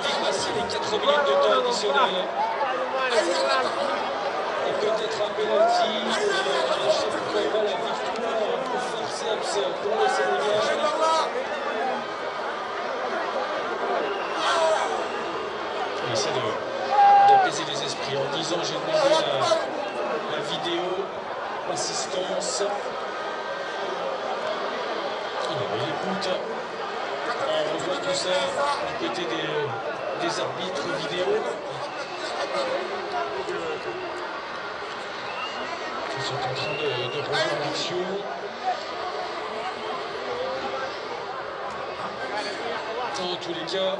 dépasser les 4 minutes de temps additionnel. Et peut-être un penalty, je ne sais plus quoi va la victoire pour forceps pour le Sénégal. J'essaie d'apaiser les esprits en disant j'ai demandé la, la vidéo assistance. Il écoute. on voit tout ça du côté des, des arbitres vidéo. Ils sont en de, de revoir tous les cas,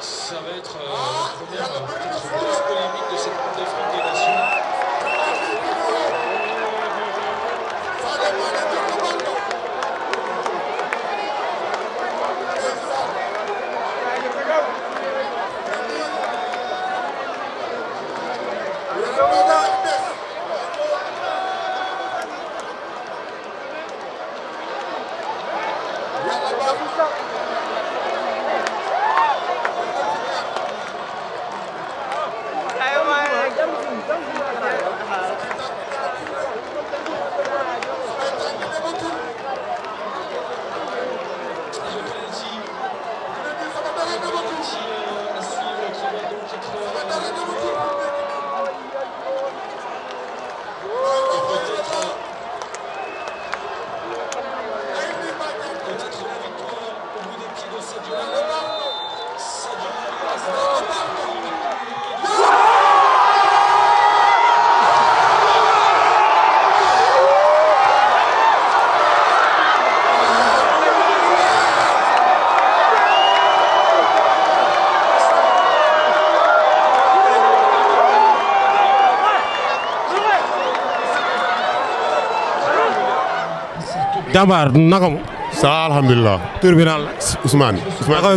ça être euh, la première peut-être grosse polémique de cette Coupe d'Afrique des Nations. jàmbaar naka mu. ça alhamdulilah. tur bi naan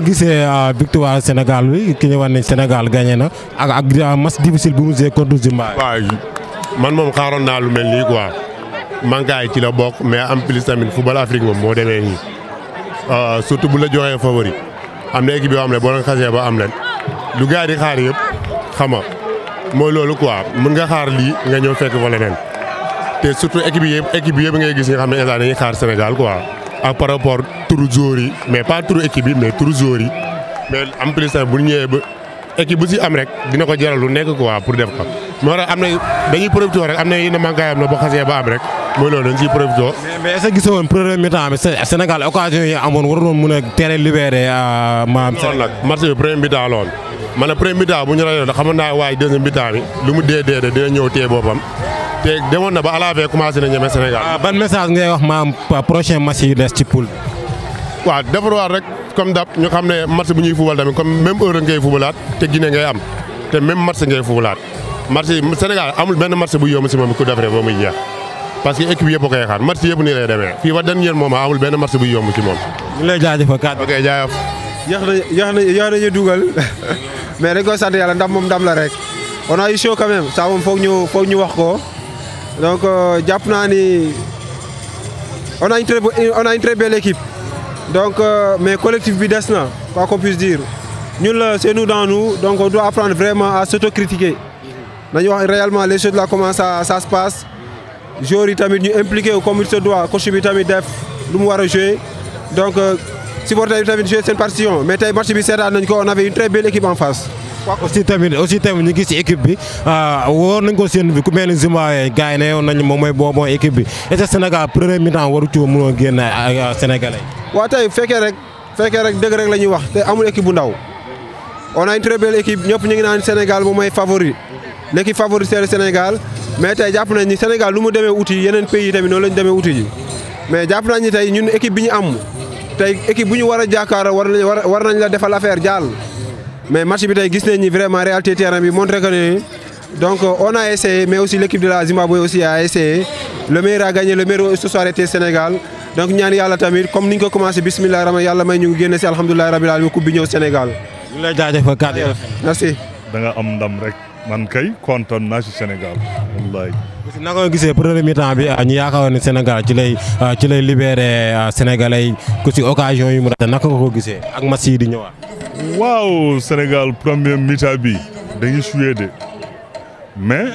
gisee euh, victoire Sénégal bi ki ñu wax ne Sénégal gagné na ak ak euh, match difficile bu mu joué contre man moom xaaroon naa lu mel nii quoi mankaay ci la bokk mais en plus tamit football Afrique moom moo demee nii euh, surtout bu la joxee favori am na équipe yoo xam ne boo leen xasee ba am leen lu gaa yi di xaar yépp xama mooy loolu quoi mën nga xaar lii nga ñëw fekk fa leneen. te surtout équipe yëpp équipe yëpp ngay gis nga xam ne instant dañuy xaar Sénégal ak par rapport turu joueur yi mais pas turu équipe yi mais turu joueur yi mais en plus tamit bu ñu bu si am rek dina ko jaral lu nekk quoi pour def ko moo tax am na dañuy profité rek am na yenn manquant am na ba xasee ba am rek mooy loolu dañ ciy profité. mais mais est-ce mi-temps bi Sénégal yi amoon waroon mën a teel a euh, maam. Sénégal nag match bi premier mi-temps te demoon na ba à la fin commencé na ñeme Sénégal. Ah, ban message ngay wax maam prochain match yu des ci poule bi. waaw defarwaat rek comme dab ñu xam ne match bu ñuy fubal tamit comme même heure ngay te Guinée ngay am te même match ngay fubalaat match Sénégal amul benn match bu yomb si moom ku defaree ba muy jeex. parce que équipe yëpp a koy xaar nii lay demee fii ba dernier moment amul benn match bu yomb ci moom. ñu lay jaajëfal kàddu ok jaajëf. yéex na yéex a eu chaud donc euh, jàpp naa ni on a une très a une très belle équipe donc euh, mais collectif bi des na quoi qu'on puisse dire ñun la c'est nous dans nous donc on doit apprendre vraiment à s'autocritiquer nañu wax réellement les choses là comment ça ça se passe joueurs yi tamit ñu impliqué wu comme il se doit coach bi tamit def lu mu war a jouer donc euh, supporter bi tamit jouer seen partition mais tey match bi seetaan ko on avait une très équipe en face. waaw aussi tamit aussi tamit ñu gis ci équipe bi ah, wóor nañ ko seen bi ku mel ni Zimbabwe eh, gars yi ne yoon nañu moom mooy booboo équipe bi est-ce que Sénégal premier mi-temps waru ci mënoo génn ak ah, ah, Sénégalais. waaw tey fekkee rek fekkee rek la ñuy wax te amul équipe bu ndaw on a une très belle équipe ñëpp ñu ngi naan Sénégal moom mooy favori l'équipe favori c'est senegal Sénégal mais tey jàpp nañ ni Sénégal lu mu demee uti yeneen pays yi tamit noonu demee uti ji mais jàpp nañ ni tey ñun équipe bi ñu am tey équipe bu ñu war a jàkkaarloo war nañ la defal affaire jàll mais match bi tey gis nañ ni vraiment réalité terrain bi montré que ne donc on a essayé mais aussi l' équipe de la Zimbabwe aussi a essayé le meilleur a gagné le meilleur ce Sénégal donc ñaan yàlla tamit comme ni ñu ko commencé bisimilah rahma yàlla may ñu ngi génn si alhamdulilah rabil alamin coupe bi ñëw Sénégal. ñu lay jaajëfal kàddu yi merci. da nga am ndam rek man kay kontaan naa si Sénégal wallaay. na nga gisee premier mi-temps bi ah, ñu yaakaaroon ne Sénégal ci lay ah, ci lay libéré ah, Sénégalais ku si occasion yu mu gisee ak match yi di ñëwaat. waaw Sénégal premier mi-temps bi dañuy joué de mais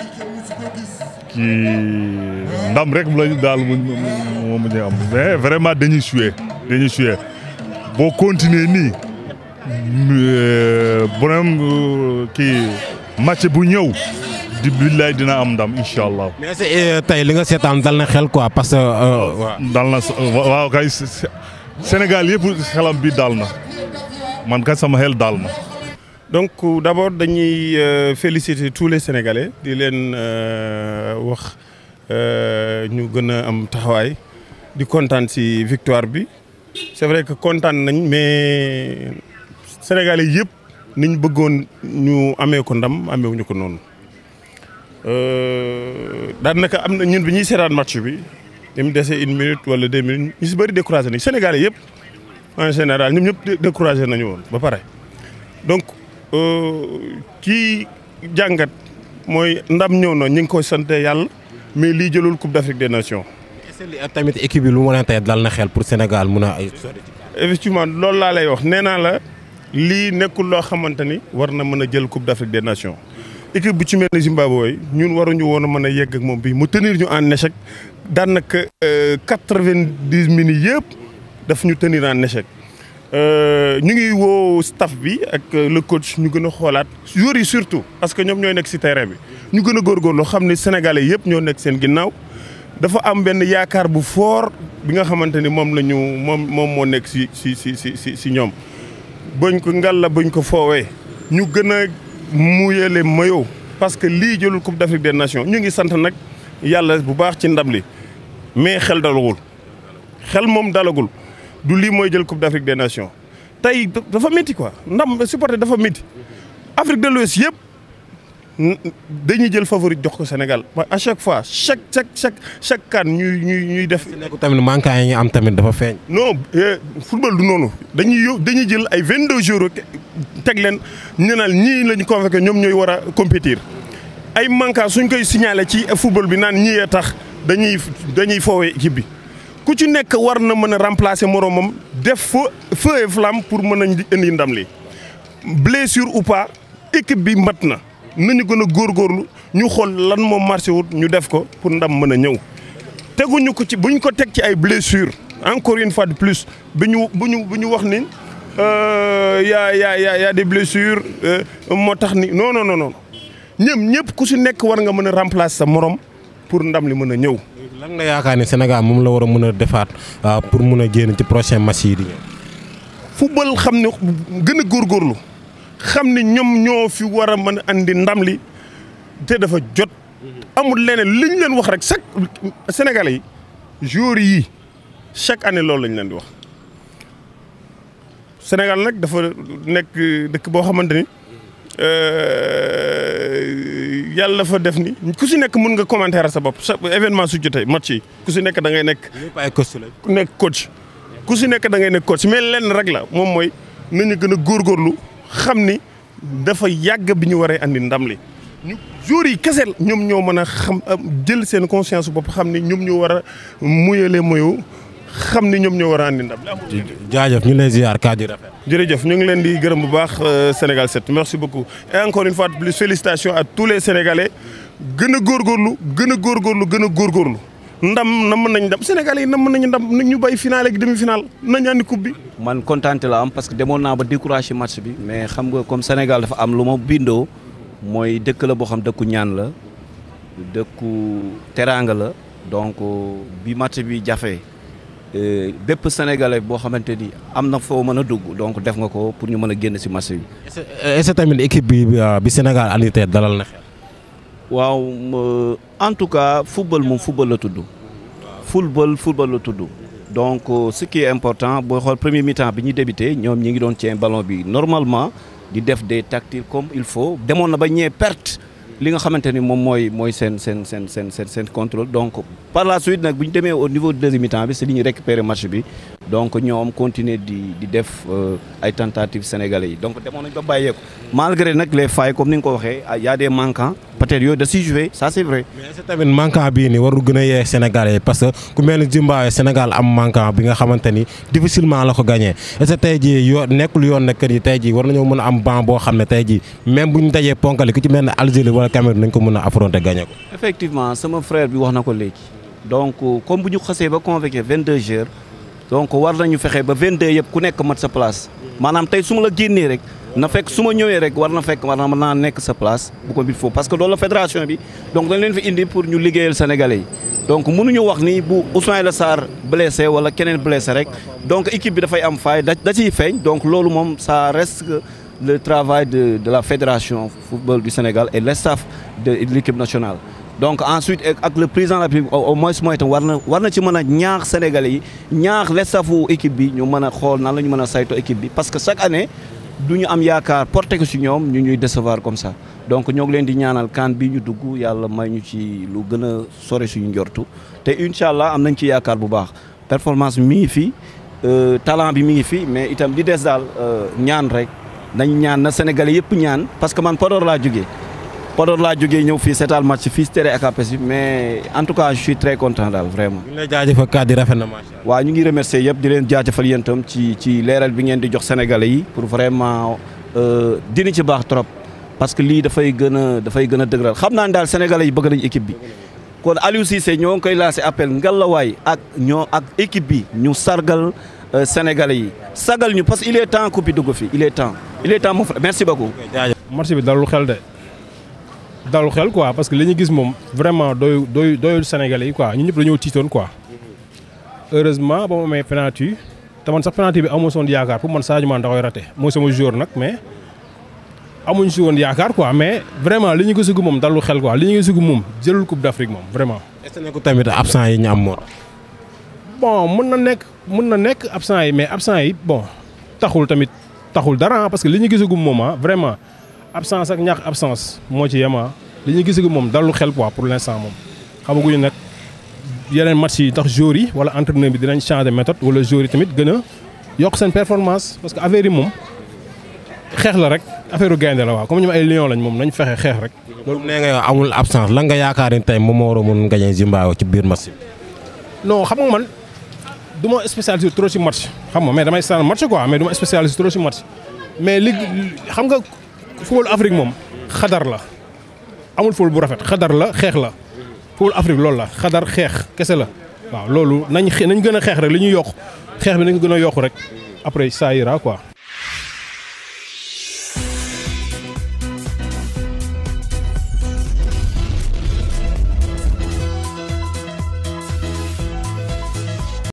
kii ndam rek lañu daal moom la ñu am mais vraiment dañuy joué dañuy joué boo continuer nii euh, bonam euh, kii match bu ñëw. di billaay dina am ndam incha allah. mais euh, tey li nga seetaan dal na xel quoi parce que. dal na waaw kay Sénégal yëpp xelam bii daal na. man kat sama xel daal ma donc d' abord dañuy euh, féliciter tous les sénégalais di leen euh, wax euh, ñu gën a am taxawaay di kontaan si victoire bi c' est vrai que kontaan nañ mais sénégalais yëpp ñu bëggoon ñu amee ko ndam ameewuñu ko noonu daanaka am na ñun bi ñuy seetaan match bi. ni mu dese une minute wala deux minutes ñu ci bëri découragé nañ sénégalais yëpp. en général ñoom ñëpp découragé nañu woon ba pare donc euh, kii jàngat mooy ndam ñëw na ñu ngi koy sante yàlla mais lii jëlul Coupe d'Afrique des Nations. est-ce tamit équipe bi lu mën a tey dal na xel pour Sénégal mun a ay. effectivement loolu laa lay wax nee naa la lii nekkul loo xamante ni war na mën a jël Coupe d'Afrique des Nations. équipe bu ci mel ni Zimbabwe ñun waruñu woon mën a yegg ak moom bi mu tenir ñu en échec daanaka euh, quatre-vingt-dix minutes yëpp. daf ñu tenir en échec euh, ñu ngi woo staff bi ak euh, le ñu gën a xoolaat joueurs yi surtout parce que ñoom ñooy nekk si terrain bi ñu gën a góorgóorlu xam ne sénégalais yëpp ñoo nekk seen ginnaaw dafa am benn yaakaar bu foor bi nga xamante ni moom la ñu moom moom moo nekk si si si ci ci ci ñoom bañ ko ngal la bañ ko foowee ñu gën a mouiller les maillots parce que lii jëlul coupe d'Afrique des nations ñu ngi sant nag yàlla bu baax ci ndam li mais xel dalagul xel moom dalagul du lii mooy jël coupe d' Afrique des nations tey dafa métti quoi ndam supporter dafa métti Afrique de l'Ouest yëpp dañuy jël favori jox ko Sénégal mooy à chaque fois chaque chaque chaque chaque kan ñuy ñuy ñuy def. tamit manquant yi ngi am tamit dafa feeñ. non eh, football du noonu dañuy yób dañuy jël ay 22 jours teg leen ñu naan ñii lañu convoqué ñoom ñooy war a compétir ay manquant suñ koy signalé ci football bi naan ñii a tax dañuy dañuy foowee équipe bi. ku ci nekk war na mën a remplacer moromam def fa feu et flamme pour mën a indi ndam li blessure ou pas équipe bi mat na nañu gën a góor góorgóorlu ñu xool lan moom marché wut ñu def ko pour ndam mën a ñëw teguñu ko ci buñ ko teg ci ay blessure encore une fois de plus bi ñu bu ñu bu ñu wax ni euh, yaa yaa yaa yaa des blessures euh, moo tax ni non non non non ñëpp ku si nekk war nga mën a remplacer sa morom pour ndam li mën a ñëw. lan nga yaakaar ne Sénégal moom la war a mën a defaat ah, pour mën a génn ci prochain match yi di ñëw. football xam ne gën góor góorlu xam ne ñoom ñoo fi war a mën a indi ndam li te dafa jot. amul leneen li ñu leen wax rek chaque Sénégalais yi joueurs yi chaque année loolu la leen di wax. Sénégal nag dafa nekk dëkk boo xamante ni. Euh, yàlla dafa def ni ku si nekk mën nga commentaire sa bopp sa événement su jotee match yi ku si nekk da ngay nekk. ku nekk coach. ku si nekk da ngay nekk coach mais lenn rek la moom mooy nañu gën a góorgóorlu xam ni dafa yàgg bi ñu waree andi ndam li. ñu jour yi kese ñoom ñoo mën a xam jël seen conscience bopp xam ni ñoom ñoo war a muyalee muyu xam ni ñoom ñoo war a andi ndam. jaajëf ñu ngi lay ziar kaa ji jërëjëf ñu ngi leen di gërëm bu baax euh, Sénégal 7 merci beaucoup et encore une fois de plus félicitations à tous les Sénégalais gën a lu gën a góor góor lu ndam na mën nañ ndam Sénégalais yi na mën nañu ndam ñu bay final ak demi na nañu andi coupe bi. man contenté la am parce que demoon naa ba découragé match bi. mais xam nga comme senegal dafa am lu ma bindoo mooy dëkk la boo xam dëkku ñaan la dëkku teraanga donc euh, bi match bi jafee Euh, bépp sénégalais boo xamante ni am na foo mën a dugg donc def nga ko pour ñu mën a génn si marché bi. est ce tamit équipe bi bi Sénégal andi tey dalal na xel. waaw euh, en tout cas football moom football la tudd. football football la tudd. donc euh, ce qui est important booy xool premier mi bi ñu débuté ñoom ñu ngi doon cee ballon bi normalement di def des tactiques comme il faut demoon na ba ñee perte. li nga xamante ni moom mooy mooy seen seen seen seen seen seen contrôle donc par la suite nag bu ñu demee au niveau de deuxième mi-temps bi si li récupérer match bi donc ñoom continuer di def euh, ay tentatives sénégalais yi donc demoon nañ ba bàyyeeku. malgré nag les failles comme ni nga ko waxee ah, y a des manquants peut-être yooyu da siy joué ça c'est vrai. mais est tamit manquant bii nii warul gën a yee Sénégalais yi parce que ku mel ni Zimbabwe Sénégal am manquant bi nga xamante ni difficilement la ko gagné est-ce que tey jii yoo nekkul yoon na kër yi tey jii war nañoo mën a am banc boo xam ne tey ji même bu ñu dajee ponkali ku ci mel ne Algérie a affronter gagné ko. effectivement sama frère na ko léegi donc euh, comme bu ñu xasee ba convoqué 22 heures. donc war nañu fexe ba 22 yëpp ku nekk mat sa place maanaam tey suma ma la génnee rek na fekk su ma ñëwee rek war na fekk war na mën naa nekk sa place bu ko mbir foofu parce que loolu la fédération bi donc dañ leen indi pour ñu liggéeyal sénégalais yi donc wax ni bu Ismaïla Sarr blessé wala keneen blessé rek donc équipe bi dafay am faay da ciy feeñ donc loolu moom ça reste le travail de de la fédération football du Sénégal et le staff de l'équipe nationale donc ensuite ak le président de la République au moins mooy itam war na war na ci mën a ñaax sénégalais yi ñaax l'estafu équipe bi ñu mën a xool nan la ñu mën a saytoo équipe bi parce que chaque année du ñu am yaakaar porté si ci ñoom ñu ñuy décevoir comme ça donc ñoo ngi leen di ñaanal kan bi ñu dugg yàlla may ñu ci lu gën a sore suñu njortu te incha allah am nañ ci yaakaar bu baax performance mii ngi fi euh, talant bi mi ngi fi mais itam li des daal euh, ñaan rek nañ ñaan na sénégalais yëpp ñaan parce que man Podor laa jógee Podor laa jógee ñëw fii seetaan match fii si terrain ACAPES bi mais en tout cas je suis très content daal vraiment. ñu ngi lay jaajëfal kàddu na macha allah. ñu ngi remercier yëpp di leen jaajëfal yéen itam ci ci leeral bi ngeen di jox sénégalais yi pour vraiment euh, dina ci baax trop parce que lii dafay gën a dafay gën a dëgëral xam naa ne daal sénégale yi bëgg nañu équipe bi. kon Aliou Cissé ñoo ngi koy lancé appel ngalawaay ak ñoo ak équipe bi ñu sargal euh, sénégalais yi sagal ñu parce que il est temps coupe bi fi il est temps il est temps bi dalul xel dalul xel quoi parce que li ñu gis moom vraiment doyu doyu doyul Sénégalais yi quoi ñu ñëpp dañoo tiitoon quoi. heureusement ba mu amee penalty te man sax penalty bi amoo soon yaakaar pour man Sadio Mané da koy raté mooy sama joueur nag mais. amuñ si woon yaakaar quoi mais vraiment li ñu ko sugu moom dalul xel quoi li ñu ko sugu moom jëlul coupe d'Afrique moom vraiment. est ce que nekkul tamit absent yi ñu am moo bon mun na nekk mun na nekk ab absent yi mais absent yi bon taxul tamit taxul dara parce que li ñu gisagum moom ah vraiment. absence ak ñàkk absence moo ci yema ah. li ñu gis moom dalul xel quoi pour l' instant moom xamaguñu nag yeneen match yi tax joueurs yi wala entraîneur bi dinañ changer méthode wala joueurs yi tamit gën yokk seen performance parce que affaire yi moom xeex la rek affaire gaynde la comme ñoom lañ moom nañ fexe xeex rek. loolu nee nga amul absence moom moo war a mun gagné Zimbabwe ci biir match bi. non xam nga man du ma spécialisé trop mais damay seetaan ma spécialisé trop ci match mais li xam nga. football Afrique moom xadar la amul football bu rafet xadar la xeex la football Afrique loolu la xadar xeex kese la waaw loolu nañ nañ gën a xeex rek li ñuy yokk xeex bi nañ gën a yokk rek après saa ira quoi.